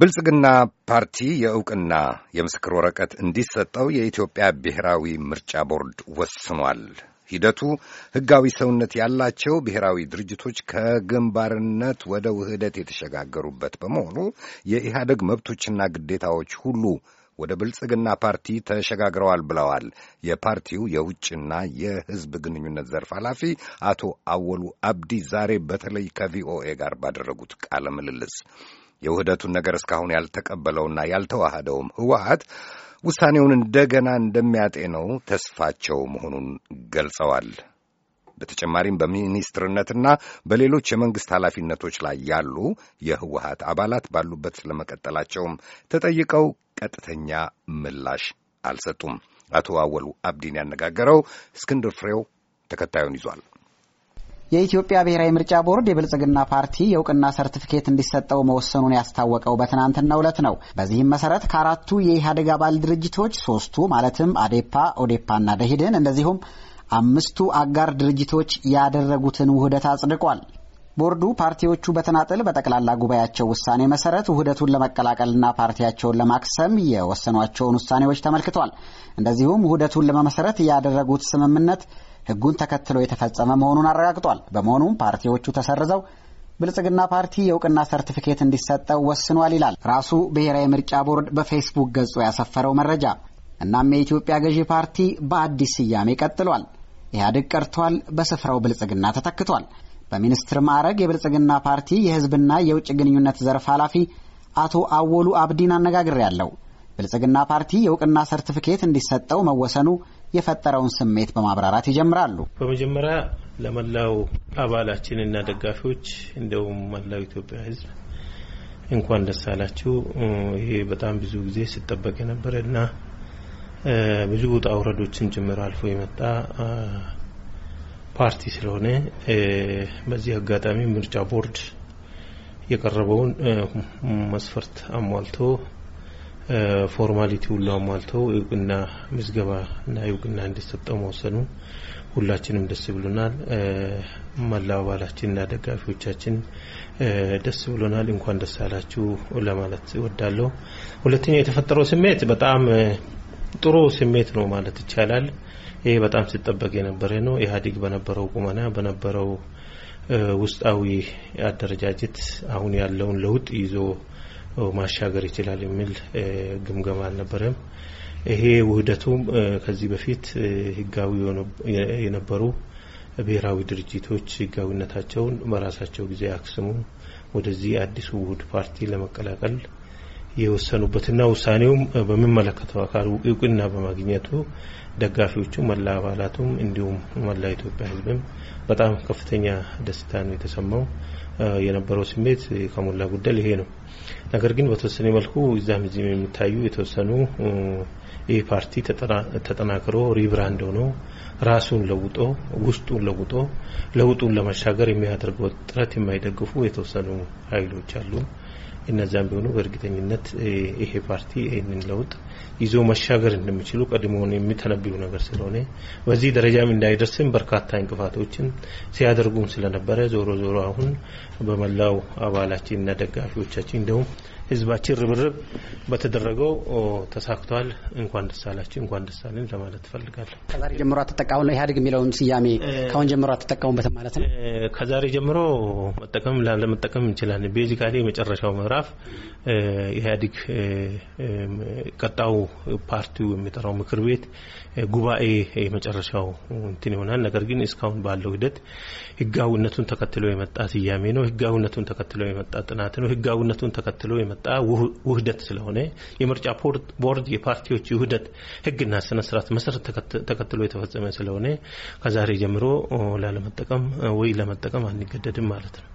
ብልጽግና ፓርቲ የእውቅና የምስክር ወረቀት እንዲሰጠው የኢትዮጵያ ብሔራዊ ምርጫ ቦርድ ወስኗል። ሂደቱ ሕጋዊ ሰውነት ያላቸው ብሔራዊ ድርጅቶች ከግንባርነት ወደ ውህደት የተሸጋገሩበት በመሆኑ የኢህአደግ መብቶችና ግዴታዎች ሁሉ ወደ ብልጽግና ፓርቲ ተሸጋግረዋል ብለዋል የፓርቲው የውጭና የሕዝብ ግንኙነት ዘርፍ ኃላፊ አቶ አወሉ አብዲ ዛሬ በተለይ ከቪኦኤ ጋር ባደረጉት ቃለ ምልልስ። የውህደቱን ነገር እስካሁን ያልተቀበለውና ያልተዋህደውም ህወሀት ውሳኔውን እንደገና እንደሚያጤነው ተስፋቸው መሆኑን ገልጸዋል። በተጨማሪም በሚኒስትርነትና በሌሎች የመንግስት ኃላፊነቶች ላይ ያሉ የህወሀት አባላት ባሉበት ስለመቀጠላቸውም ተጠይቀው ቀጥተኛ ምላሽ አልሰጡም። አቶ አወሉ አብዲን ያነጋገረው እስክንድር ፍሬው ተከታዩን ይዟል። የኢትዮጵያ ብሔራዊ ምርጫ ቦርድ የብልጽግና ፓርቲ የእውቅና ሰርቲፊኬት እንዲሰጠው መወሰኑን ያስታወቀው በትናንትናው ዕለት ነው። በዚህም መሰረት ከአራቱ የኢህአዴግ አባል ድርጅቶች ሶስቱ ማለትም አዴፓ፣ ኦዴፓና ደሂድን እንደዚሁም አምስቱ አጋር ድርጅቶች ያደረጉትን ውህደት አጽድቋል። ቦርዱ ፓርቲዎቹ በተናጥል በጠቅላላ ጉባኤያቸው ውሳኔ መሰረት ውህደቱን ለመቀላቀልና ፓርቲያቸውን ለማክሰም የወሰኗቸውን ውሳኔዎች ተመልክቷል። እንደዚሁም ውህደቱን ለመመሰረት ያደረጉት ስምምነት ህጉን ተከትሎ የተፈጸመ መሆኑን አረጋግጧል። በመሆኑም ፓርቲዎቹ ተሰርዘው ብልጽግና ፓርቲ የእውቅና ሰርቲፊኬት እንዲሰጠው ወስኗል ይላል ራሱ ብሔራዊ ምርጫ ቦርድ በፌስቡክ ገጹ ያሰፈረው መረጃ። እናም የኢትዮጵያ ገዢ ፓርቲ በአዲስ ስያሜ ቀጥሏል። ኢህአዴግ ቀርቷል፣ በስፍራው ብልጽግና ተተክቷል። በሚኒስትር ማዕረግ የብልጽግና ፓርቲ የህዝብና የውጭ ግንኙነት ዘርፍ ኃላፊ አቶ አወሉ አብዲን አነጋግሬ ያለው ብልጽግና ፓርቲ የእውቅና ሰርቲፊኬት እንዲሰጠው መወሰኑ የፈጠረውን ስሜት በማብራራት ይጀምራሉ። በመጀመሪያ ለመላው አባላችንና ደጋፊዎች እንደውም መላው ኢትዮጵያ ሕዝብ እንኳን ደስ አላችሁ። ይሄ በጣም ብዙ ጊዜ ሲጠበቅ የነበረ እና ብዙ ውጣ ውረዶችን ጭምር አልፎ የመጣ ፓርቲ ስለሆነ በዚህ አጋጣሚ ምርጫ ቦርድ የቀረበውን መስፈርት አሟልቶ ፎርማሊቲ ሁሉ አሟልተው እውቅና ምዝገባ እና እውቅና እንዲሰጠው መወሰኑ ሁላችንም ደስ ብሎናል። መላ አባላችንና ደጋፊዎቻችን ደስ ብሎናል። እንኳን ደስ አላችሁ ለማለት እወዳለሁ። ሁለተኛው የተፈጠረው ስሜት በጣም ጥሩ ስሜት ነው ማለት ይቻላል። ይሄ በጣም ሲጠበቅ የነበረ ነው። ኢህአዴግ በነበረው ቁመና በነበረው ውስጣዊ አደረጃጀት አሁን ያለውን ለውጥ ይዞ ማሻገር ይችላል የሚል ግምገማ አልነበረም። ይሄ ውህደቱም ከዚህ በፊት ህጋዊ የነበሩ ብሔራዊ ድርጅቶች ህጋዊነታቸውን በራሳቸው ጊዜ አክስሙ ወደዚህ አዲሱ ውህድ ፓርቲ ለመቀላቀል የወሰኑበትና ውሳኔውም በሚመለከተው አካል እውቅና በማግኘቱ ደጋፊዎቹ መላ አባላቱም እንዲሁም መላ ኢትዮጵያ ህዝብም በጣም ከፍተኛ ደስታ ነው የተሰማው። የነበረው ስሜት ከሞላ ጎደል ይሄ ነው። ነገር ግን በተወሰነ መልኩ እዛም እዚህም የሚታዩ የተወሰኑ ይህ ፓርቲ ተጠናክሮ ሪብራንድ ሆኖ ራሱን ለውጦ ውስጡን ለውጦ ለውጡን ለመሻገር የሚያደርገው ጥረት የማይደግፉ የተወሰኑ ኃይሎች አሉ። እነዛም ቢሆኑ በእርግጠኝነት ይሄ ፓርቲ ይህንን ለውጥ ይዞ መሻገር እንደሚችሉ ቀድሞውን የሚተነበ አስከፊው ነገር ስለሆነ በዚህ ደረጃም እንዳይደርስም በርካታ እንቅፋቶችን ሲያደርጉም ስለነበረ ዞሮ ዞሮ አሁን በመላው አባላችንና ደጋፊዎቻችን እንደውም ህዝባችን ርብርብ በተደረገው ተሳክቷል። እንኳን ደስ አላችሁ፣ እንኳን ደስ አለን ለማለት ትፈልጋለሁ። ከዛሬ ጀምሮ አትጠቀሙ ነው ኢህአዴግ የሚለውን ስያሜ ከአሁን ጀምሮ አትጠቀሙበት ማለት ነው። ከዛሬ ጀምሮ መጠቀም ለመጠቀም እንችላለን። ቤዚካሊ የመጨረሻው ምዕራፍ ኢህአዴግ ቀጣው ፓርቲው የሚጠራው ምክር ቤት ጉባኤ የመጨረሻው እንትን ይሆናል። ነገር ግን እስካሁን ባለው ሂደት ህጋዊነቱን ተከትሎ የመጣ ስያሜ ነው። ህጋዊነቱን ተከትሎ የመጣ ጥናት ነው። ህጋዊነቱን ተከትሎ የመ የመጣ ውህደት ስለሆነ የምርጫ ቦርድ የፓርቲዎች ውህደት ህግና ስነ ስርዓት መሰረት ተከትሎ የተፈጸመ ስለሆነ ከዛሬ ጀምሮ ላለመጠቀም ወይ ለመጠቀም አንገደድም ማለት ነው።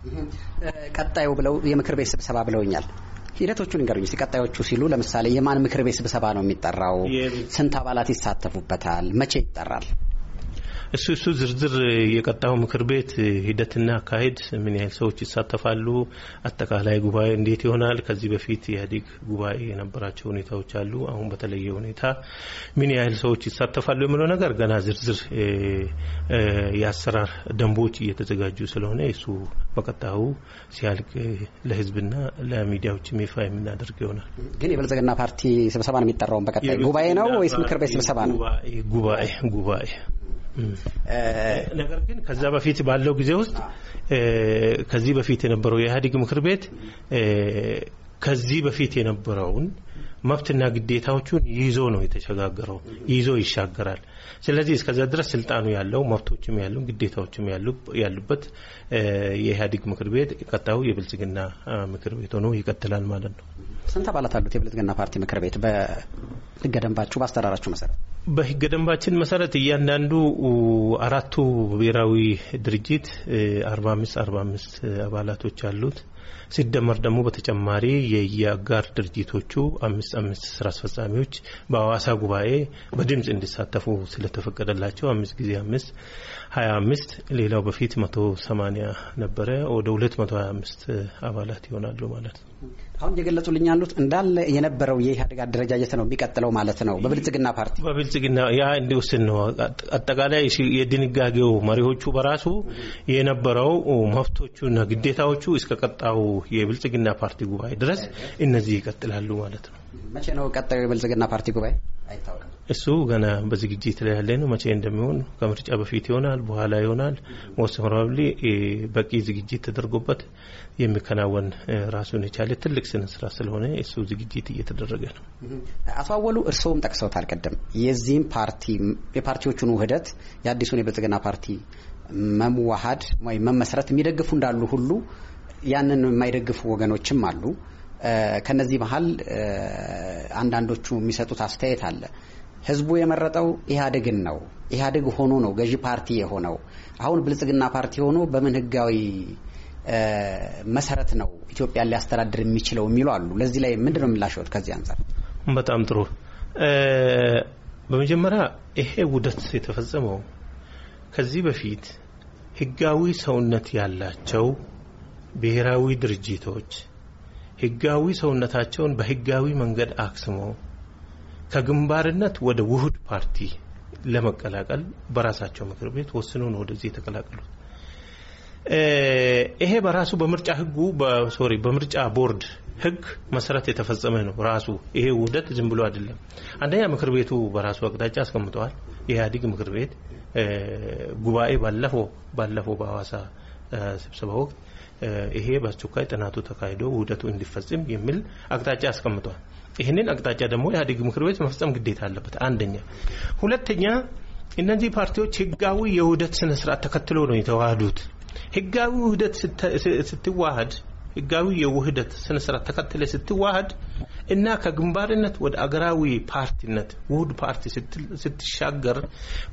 ቀጣዩ ብለው የምክር ቤት ስብሰባ ብለውኛል። ሂደቶቹን ንገሩኝ እስኪ። ቀጣዮቹ ሲሉ ለምሳሌ የማን ምክር ቤት ስብሰባ ነው የሚጠራው? ስንት አባላት ይሳተፉበታል? መቼ ይጠራል? እሱ እሱ ዝርዝር የቀጣው ምክር ቤት ሂደትና አካሄድ ምን ያህል ሰዎች ይሳተፋሉ፣ አጠቃላይ ጉባኤ እንዴት ይሆናል? ከዚህ በፊት ኢህአዴግ ጉባኤ የነበራቸው ሁኔታዎች አሉ። አሁን በተለየ ሁኔታ ምን ያህል ሰዎች ይሳተፋሉ የሚለው ነገር ገና ዝርዝር የአሰራር ደንቦች እየተዘጋጁ ስለሆነ እሱ በቀጣዩ ሲያልቅ ለህዝብና ለሚዲያዎች ይፋ የምናደርግ ይሆናል። ግን የብልጽግና ፓርቲ ስብሰባ ነው የሚጠራውን በቀጣይ ጉባኤ ነው ወይስ ምክር ቤት ስብሰባ ነው? ጉባኤ ጉባኤ ነገር ግን ከዛ በፊት ባለው ጊዜ ውስጥ ከዚህ በፊት የነበረው የኢህአዴግ ምክር ቤት ከዚህ በፊት የነበረውን መብትና ግዴታዎቹን ይዞ ነው የተሸጋገረው፣ ይዞ ይሻገራል። ስለዚህ እስከዛ ድረስ ስልጣኑ ያለው መብቶችም ያሉ ግዴታዎችም ያሉበት የኢህአዴግ ምክር ቤት ቀጣዩ የብልጽግና ምክር ቤት ሆኖ ይቀጥላል ማለት ነው። ስንት አባላት አሉት የብልጽግና ፓርቲ ምክር ቤት? በህገ ደንባችሁ በአስተራራችሁ መሰረት በህገ ደንባችን መሰረት እያንዳንዱ አራቱ ብሔራዊ ድርጅት አርባ አምስት አርባ አምስት አባላቶች አሉት። ሲደመር ደግሞ በተጨማሪ የየአጋር ድርጅቶቹ አምስት አምስት ስራ አስፈጻሚዎች በአዋሳ ጉባኤ በድምፅ እንዲሳተፉ ስለተፈቀደላቸው አምስት ጊዜ አምስት ሀያ አምስት ሌላው በፊት መቶ ሰማኒያ ነበረ ወደ ሁለት መቶ ሀያ አምስት አባላት ይሆናሉ ማለት ነው። አሁን እየገለጹልኝ ያሉት እንዳለ የነበረው የኢህአዴግ አደረጃጀት ነው የሚቀጥለው ማለት ነው። በብልጽግና ፓርቲ በብልጽግና ያ እንዲወስን ነው። አጠቃላይ የድንጋጌው መሪዎቹ በራሱ የነበረው መብቶቹና ግዴታዎቹ እስከ ቀጣው እስከሚመጣው የብልጽግና ፓርቲ ጉባኤ ድረስ እነዚህ ይቀጥላሉ ማለት ነው። መቼ ነው ቀጣዩ የብልጽግና ፓርቲ ጉባኤ? እሱ ገና በዝግጅት ላይ ያለ ነው። መቼ እንደሚሆን ከምርጫ በፊት ይሆናል፣ በኋላ ይሆናል። ሞስት ፕሮባብሊ በቂ ዝግጅት ተደርጎበት የሚከናወን ራሱን የቻለ ትልቅ ስነ ስራ ስለሆነ እሱ ዝግጅት እየተደረገ ነው። አቶ አወሉ እርስዎም ጠቅሰውታል ቀደም የዚህም ፓርቲ የፓርቲዎቹን ውህደት የአዲሱን የብልጽግና ፓርቲ መዋሀድ ወይም መመስረት የሚደግፉ እንዳሉ ሁሉ ያንን የማይደግፉ ወገኖችም አሉ። ከነዚህ መሀል አንዳንዶቹ የሚሰጡት አስተያየት አለ። ህዝቡ የመረጠው ኢህአዴግን ነው። ኢህአዴግ ሆኖ ነው ገዢ ፓርቲ የሆነው። አሁን ብልጽግና ፓርቲ ሆኖ በምን ህጋዊ መሰረት ነው ኢትዮጵያን ሊያስተዳድር የሚችለው የሚሉ አሉ። ለዚህ ላይ ምንድን ነው የምላሸወት? ከዚህ አንጻር በጣም ጥሩ። በመጀመሪያ ይሄ ውደት የተፈጸመው ከዚህ በፊት ህጋዊ ሰውነት ያላቸው ብሔራዊ ድርጅቶች ህጋዊ ሰውነታቸውን በህጋዊ መንገድ አክስሞ ከግንባርነት ወደ ውህድ ፓርቲ ለመቀላቀል በራሳቸው ምክር ቤት ወስነው ነው ወደዚህ የተቀላቀሉት። ይሄ በራሱ በምርጫ ህጉ ሶሪ በምርጫ ቦርድ ህግ መሰረት የተፈጸመ ነው። ራሱ ይሄ ውህደት ዝም ብሎ አይደለም። አንደኛ ምክር ቤቱ በራሱ አቅጣጫ አስቀምጠዋል። የኢህአዴግ ምክር ቤት ጉባኤ ባለፈው ባለፈው በሐዋሳ ስብሰባ ወቅት ይሄ በአስቸኳይ ጥናቱ ተካሂዶ ውህደቱ እንዲፈጽም የሚል አቅጣጫ አስቀምጧል። ይህንን አቅጣጫ ደግሞ ኢህአዴግ ምክር ቤት መፍጸም ግዴታ አለበት። አንደኛ። ሁለተኛ እነዚህ ፓርቲዎች ህጋዊ የውህደት ስነስርዓት ተከትሎ ነው የተዋህዱት። ህጋዊ ውህደት ስትዋሃድ ህጋዊ የውህደት ስነስርዓት ተከትለ ስትዋሃድ እና ከግንባርነት ወደ አገራዊ ፓርቲነት ውህድ ፓርቲ ስትሻገር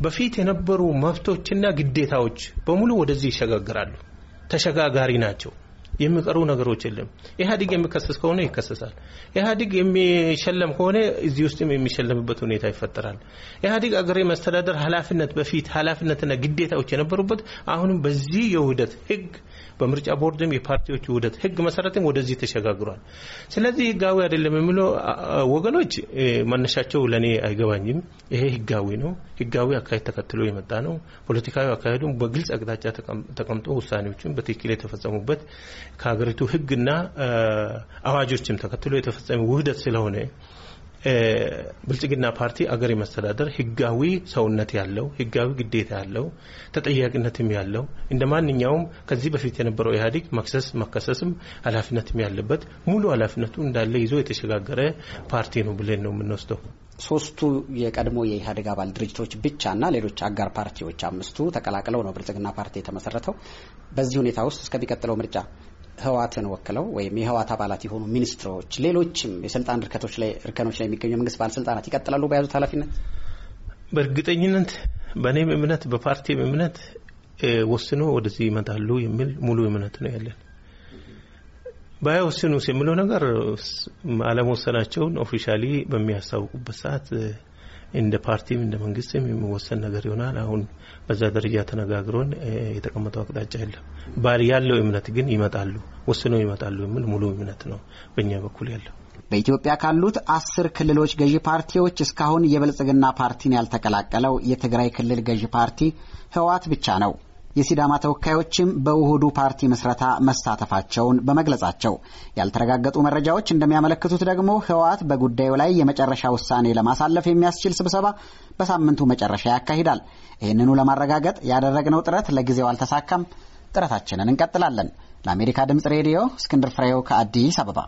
በፊት የነበሩ መብቶችና ግዴታዎች በሙሉ ወደዚህ ይሸጋግራሉ። ተሸጋጋሪ ናቸው። የሚቀርቡ ነገሮች የለም። ኢህአዴግ የሚከሰስ ከሆነ ይከሰሳል። ኢህአዴግ የሚሸለም ከሆነ እዚህ ውስጥም የሚሸለምበት ሁኔታ ይፈጠራል። ኢህአዴግ አገሬ መስተዳደር ኃላፊነት በፊት ኃላፊነትና ግዴታዎች የነበሩበት አሁንም በዚህ የውህደት ህግ በምርጫ ቦርድም የፓርቲዎች ውህደት ህግ መሰረትም ወደዚህ ተሸጋግሯል። ስለዚህ ህጋዊ አይደለም የሚሉ ወገኖች መነሻቸው ለእኔ አይገባኝም። ይሄ ህጋዊ ነው። ህጋዊ አካሄድ ተከትሎ የመጣ ነው። ፖለቲካዊ አካሄዱም በግልጽ አቅጣጫ ተቀምጦ ውሳኔዎችን በትክክል የተፈጸሙበት ከሀገሪቱ ህግና አዋጆችም ተከትሎ የተፈጸመ ውህደት ስለሆነ ብልጽግና ፓርቲ አገር የመስተዳደር ህጋዊ ሰውነት ያለው ህጋዊ ግዴታ ያለው ተጠያቂነትም ያለው እንደ ማንኛውም ከዚህ በፊት የነበረው ኢህአዴግ መክሰስ መከሰስም ኃላፊነትም ያለበት ሙሉ ኃላፊነቱ እንዳለ ይዞ የተሸጋገረ ፓርቲ ነው ብለን ነው የምንወስደው። ሶስቱ የቀድሞ የኢህአዴግ አባል ድርጅቶች ብቻና ሌሎች አጋር ፓርቲዎች አምስቱ ተቀላቅለው ነው ብልጽግና ፓርቲ የተመሰረተው። በዚህ ሁኔታ ውስጥ እስከሚቀጥለው ምርጫ ህዋትን ወክለው ወይም የህዋት አባላት የሆኑ ሚኒስትሮች፣ ሌሎችም የስልጣን እርከቶች ላይ እርከኖች ላይ የሚገኙ የመንግስት ባለስልጣናት ይቀጥላሉ በያዙት ኃላፊነት። በእርግጠኝነት በእኔም እምነት በፓርቲም እምነት ወስኖ ወደዚህ ይመጣሉ የሚል ሙሉ እምነት ነው ያለን። ባይወስኑስ የሚለው ነገር አለመወሰናቸውን ኦፊሻሊ በሚያስታውቁበት ሰዓት እንደ ፓርቲም እንደ መንግስትም የሚወሰን ነገር ይሆናል። አሁን በዛ ደረጃ ተነጋግሮን የተቀመጠው አቅጣጫ የለም። ያለው እምነት ግን ይመጣሉ፣ ወስነው ይመጣሉ የሚል ሙሉ እምነት ነው በእኛ በኩል ያለው። በኢትዮጵያ ካሉት አስር ክልሎች ገዢ ፓርቲዎች እስካሁን የብልጽግና ፓርቲን ያልተቀላቀለው የትግራይ ክልል ገዢ ፓርቲ ህወሓት ብቻ ነው። የሲዳማ ተወካዮችም በውህዱ ፓርቲ ምስረታ መሳተፋቸውን በመግለጻቸው ያልተረጋገጡ መረጃዎች እንደሚያመለክቱት ደግሞ ህወሓት በጉዳዩ ላይ የመጨረሻ ውሳኔ ለማሳለፍ የሚያስችል ስብሰባ በሳምንቱ መጨረሻ ያካሂዳል። ይህንኑ ለማረጋገጥ ያደረግነው ጥረት ለጊዜው አልተሳካም። ጥረታችንን እንቀጥላለን። ለአሜሪካ ድምጽ ሬዲዮ እስክንድር ፍሬው ከአዲስ አበባ